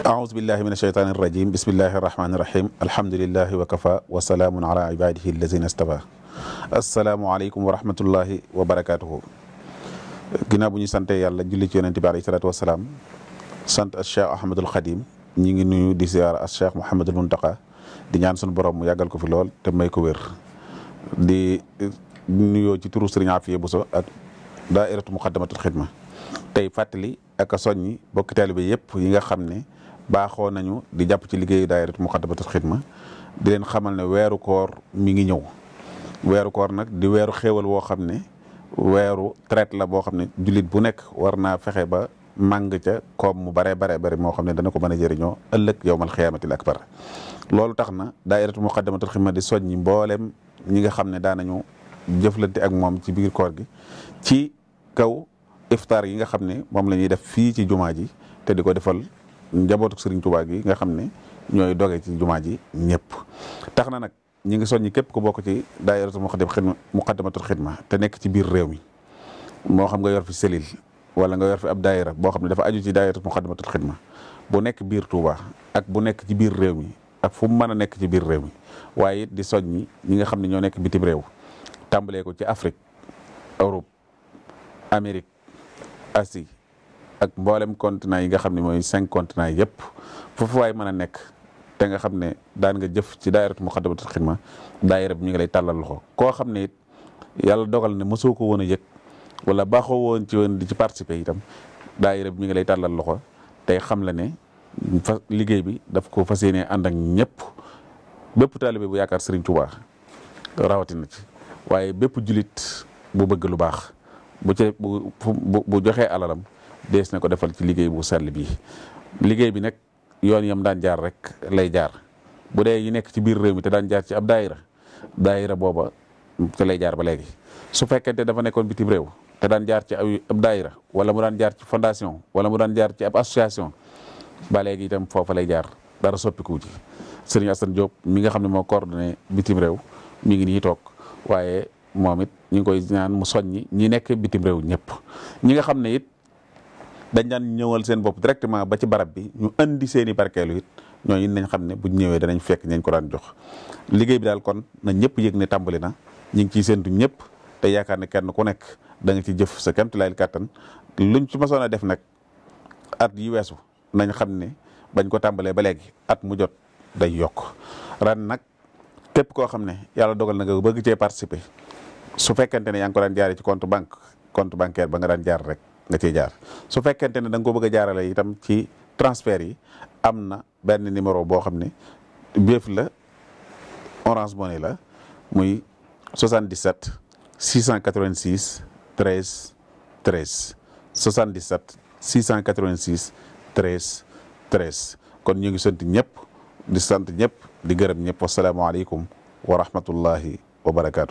أعوذ بالله من الشيطان الرجيم بسم الله الرحمن الرحيم الحمد لله وكفى وسلام على عباده الذين اصطفى السلام عليكم ورحمة الله وبركاته ginnaaw bu ñu sante yàlla julli ci yonent bi alayhi salaatu wasalaam sant al cheikh ahmadul xadim ñi ngi nuyu di ziar al cheikh mouhamadul muntaka di ñaan suñu borom mu yàggal ko fi lool te may ko wér di nuyoo ci turu sëriñ Afiye Buso ak daairatu muqaddamatul xidma tey fàttali ak a soññi bokki taalibe yëpp yi nga xam ne baaxoo nañu di jàpp ci liggéeyu daayiratu Muqaddamatul Xidma di leen xamal ne weeru koor mi ngi ñëw weeru koor nag di weeru xéewal woo xam ne weeru traite la boo xam ne jullit bu nekk war naa fexe ba màng ca koom mu baree baree bari moo xam ne dana ko mën a jëriñoo ëllëg yowmal xiyaamatil akbar loolu tax na daayiratu Muqaddamatul Xidma di soññi mbooleem ñi nga xam ne daanañu jëflante ak moom ci biir koor gi ci kaw iftaar yi nga xam ne moom la ñuy def fii ci jumaa ji te di ko defal njabootu Serigne Touba gi nga xam ne ñooy doge ci jumaa ji ñëpp tax na nag ñi ngi soññi képp ku bokk ci daayiratu muqaddamatul xidma te nekk ci biir réew mi moo xam nga yor fi selil wala nga yor fi ab daayira boo xam ne dafa aju ci daayiratu muqaddamatul xidma bu nekk biir Touba ak bu nekk ci biir réew mi ak fu mu mën a nekk ci biir réew mi waaye it di ni ñi nga xam ne ñoo nekk bitim réew tàmbalee ko ci Afrique Europe Amérique ak mboolem continent yi nga xam ne mooy cinq continent yi yëpp foofu waay mën a nekk te nga xam ne daan nga jëf ci daayiratu Muqaddamatul ma daayira bi ñu ngi lay tàllal loxo koo xam ne it yàlla dogal ne mosoo ko woon a yëg wala baaxoo woon ci woon di ci participer itam daayira bi ñu ngi lay tàllal loxo tey xam la ne fa liggéey bi daf ko fas yéenee ànd ak ñëpp bépp taalibe bu yaakaar Serigne Touba rawatina ci waaye bépp julit bu bëgg lu baax bu ci bu joxee alalam. des na ko defal ci liggéey bu sell bii liggéey bi nag yoon yam daan jaar rek lay jaar bu dee yi nekk ci biir réew mi te daan jaar ci ab daayira daayira booba te lay jaar ba léegi su fekkente dafa nekkoon bitim réew te daan jaar ci ab daayira wala mu daan jaar ci fondation wala mu daan jaar ci ab association ba léegi itam foofa lay jaar dara soppiku ci Serigne Assane Diop mi nga xam ne moo coordonné bitim réew mi ngi nii toog waaye moom it ñu ngi koy ñaan mu soññi ñi nekk bitim réew ñëpp ñi nga xam ne it dañ daan ñëwal seen bopp directement ba ci barab bi ñu indi seeni i barkeelu it ñooñu nañ xam ne buñ ñëwee danañ fekk nañ ko daan jox liggéey bi daal kon na ñëpp yëg ne tàmbali na ñu ngi ciy séntu ñëpp te yaakaar ne kenn ku nekk da nga ci jëf sa kéemtulaayil kàttan luñ ci mosoon a def nag at yi weesu nañ xam ne bañ ko tàmbalee ba léegi at mu jot day yokk ran nag képp koo xam ne yàlla dogal na nga bëgg cee participer su fekkente ne yaa ko daan jaaree ci compte banque compte bancaire ba nga daan jaar rek. nga ciy jaar su fekkente ne da nga ko bëgg a jaarale itam ci transfert yi am na benn numéro boo xam ne béef la Orange Money la muy 77 686 13 13 77 686 13 13 kon ñu ngi sant ñëpp di sant ñëpp di gërëm ñëpp wasalaamaaleykum wa rahmatullahi wa barakaatu.